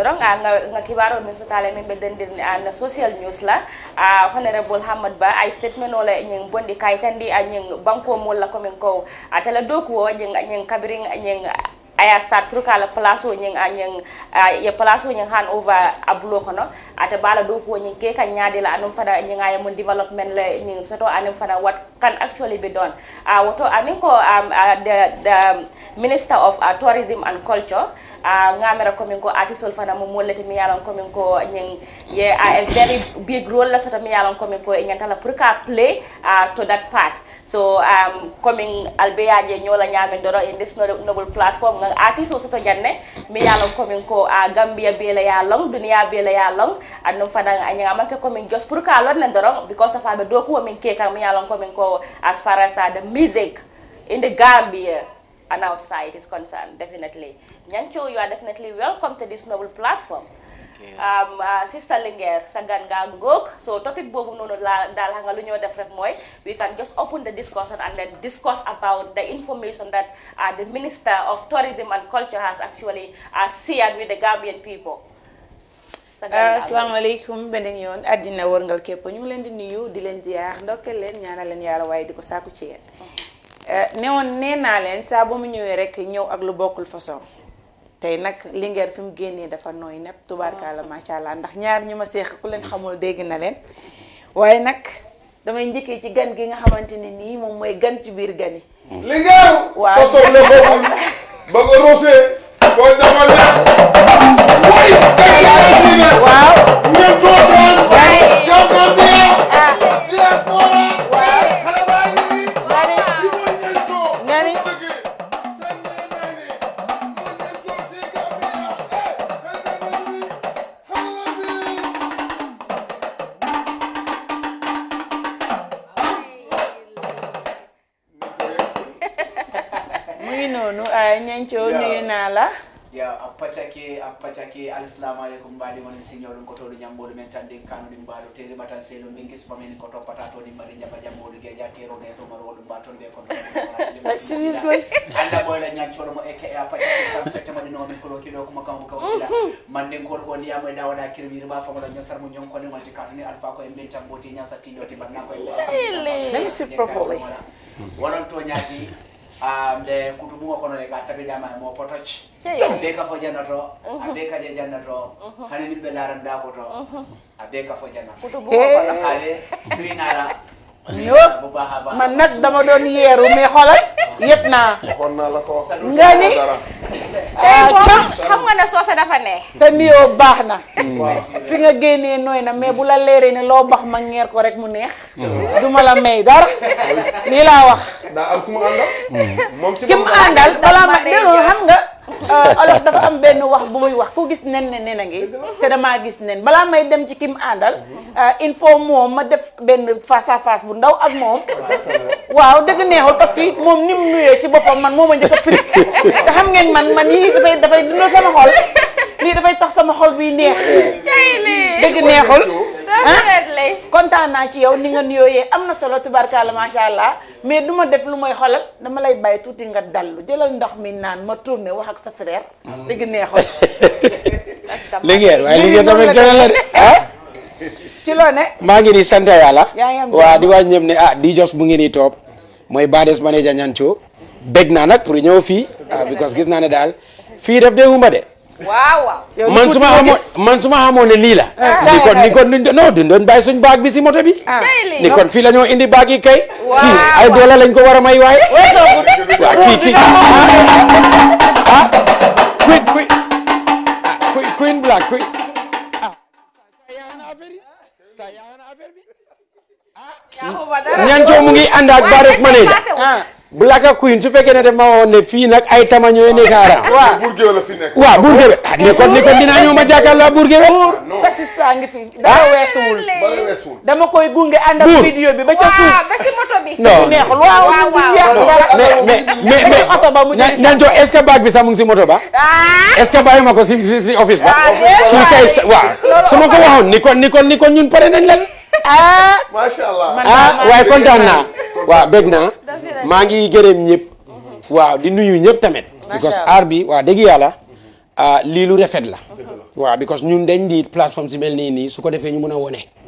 nga kibaroɗum so taala min ɓe dendirni an social news la a honorable hamad ba ay statement ola ñin bonɗi kayitandi a ñin banko molla komin ko a tala dokuwo ñin ñin kabirin ñin aya start pour kala place o nyeng anyeng ah, ah, ya place o nyeng han over abulo kono ate bala do ko nyeng ke kan nyaade la anum fada nyeng aya mun development la nyeng soto anum fada what can actually be done uh, woto anin ko um, uh, the, the minister of uh, tourism and culture uh, ngamera komin ko artisol fana mo mollete mi yalan komin ko nyeng ye a very big role la soto mi yalan komin ko nyanta la pour ka play uh, to that part so um coming albeyaje nyola nyamen doro in this noble platform artist o soto janne mi yalon komin ko a ah, gambia bela ya long duniya bela ya long annum ah, fanan a ah, ñagama ke komin jos pour ka lonne doron because of aɓe doku womin kekan mi yalon komin ko as far as uh, the music in the gambia and outside is concerned definitely nyancho you are definitely welcome to this noble platform Um, uh, Sister Linguère sa gan ngaa ngóog so topic boobu noonu laa daal xam nga lu ñoo def rek mooy we can just open the discussion and then discuss about the information that uh, the Minister of Tourism and Culture has actually uh, shared with the Gambian people. asalaamaaleykum beneen yoon àddina wërngal képp ñu ngi leen di nuyu di leen ziar ndokkeel leen ñaanal leen yàlla waaye di ko sàkku ci yéen. Mm-hmm. ne woon nee naa leen saa ba mu ñëwee rek ñëw ak lu bokkul façon. tey nag Linguère fi mu génnee dafa nooy nepp tubaarkaala macha allah ndax ñaar ñi ma seex ku leen xamul dégg na leen waaye nag damay njëkkee ci gan gi nga xamante ne nii moom mooy gan ci biir gan yi. waaw soo soobee boobu ba nga roosee boo demoon noonu a nuyu naa la ya a paccake a paccake alislamu aleykum mbaɗi mon signoɗum ko tolu ñamboɗu men tan ɗin kanuɗi mbaɗo teri matan seeɗo min gispamin ko toppata to ɗi mbaɗi jaɓa jamboɗu gueƴa terone to maro ɗum mba toon ɓe like seriously allah ɓoyla ñancoɗo mo eke a paccake sam fettamaɗi nomin kolo kiɗo kuma kambo kawo sila manden kon o ndiyamo e ɗawaɗa kirwirma famoɗo ñasar mo ñonkolemolti kanuni alpha ko e mbin tan mboti ñasa tiñoti banna koye let me see properly wonon toñaji de um, kutubuga kono le gatta be dama mo potoch be ka fo janato uh-huh. abe ka je janato uh-huh. hani ni be laranda ko to uh-huh. abe ka fo janato kutubuga kono kale tuinara yo man nak dama doon yeeru me xolal yetna naa waxoon la ko ngani tey moom ah, xam nga ne soose dafa neex. sa nuyoo baax na. Mm. fi nga génnee nooy na mais bu la leeree ne loo bax ma ngeer ko rek mu neex. Mm-hmm. du ma la may dara. lii laa wax. daa àndal. Mm. moom ci moom xam nga. Euh, olof dafa am benn wax bu muy wax ku gis nen ne nen a ngi te damaa gis nen balaa may dem ci kim àndal euh, il faut moom ma def benn face à face bu ndaw ak moom waaw dëgg neexul parce que moom ni mu nuyee ci boppam man moom a njëkk a te xam ngeen man man lii dafay dafay dundal sama xol lii dafay tax sama xol buy neex dëgg neexul Eh? kontaan naa ci yow ni nga nuyooyee am na solo tubarkalla macha allah mais du ma def lu mooy xolal dama lay bàyyi tuuti nga dallu jëlal ndox mi naan ma tourné wax ak sa frère. Mm. dëgg neexoon. liggéey waaye liggéey tamit gën la ci loo ne. maa ngi di sant yàlla. waa di wax ñëpp ne ah di jos bu ngeen di toog mooy Bades manager ñanco. bég naa pour ñëw fii. Ah, because gis naa ne daal fii daf dee humba de. waaw waaw. man su ma lii la. ni kon ni kon non suñ baak bi si moto bi. ni kon fii la indi baag yi kay. lañ ko war a may waaye. waa kii kii ah. queen black queen ah. saa yaa na affaire bi saa yaa na ñancoo mu ngi ànd ak mané manager blaka Queen su fekkee ne dama ma woon ne fii nag ay tama ñooy nekk aram waaw la fi nekk waaw Bourguewe ne kon ne kon dinaa ñëw ma jàkkaarloo ak Bourguewe sa sista ngi fi dara weesuwul dama koy gunge ànd ak vidéo bi ba ca suuf ba ci moto bi non neexul waaw waaw mais mais mais mais oto ba mu ñanco est-ce que bi sax mu ngi si moto ba ah? est-ce que bàyyi ma ko si si office ba kii kay waaw su ma ko waxoon ni kon ni kon ni kon ñun pare nañ leen ah macha allah ah waaye kontaan naa waaw naa maa ngi gërëm ñëpp mhm. waaw di nuyu ñëpp tamit because aar bi waaw dëgg yàlla mhm. ah, lii lu rafet la waa because ñun dañ di plateforme si mel nii nii su ko defee ñu mën a wone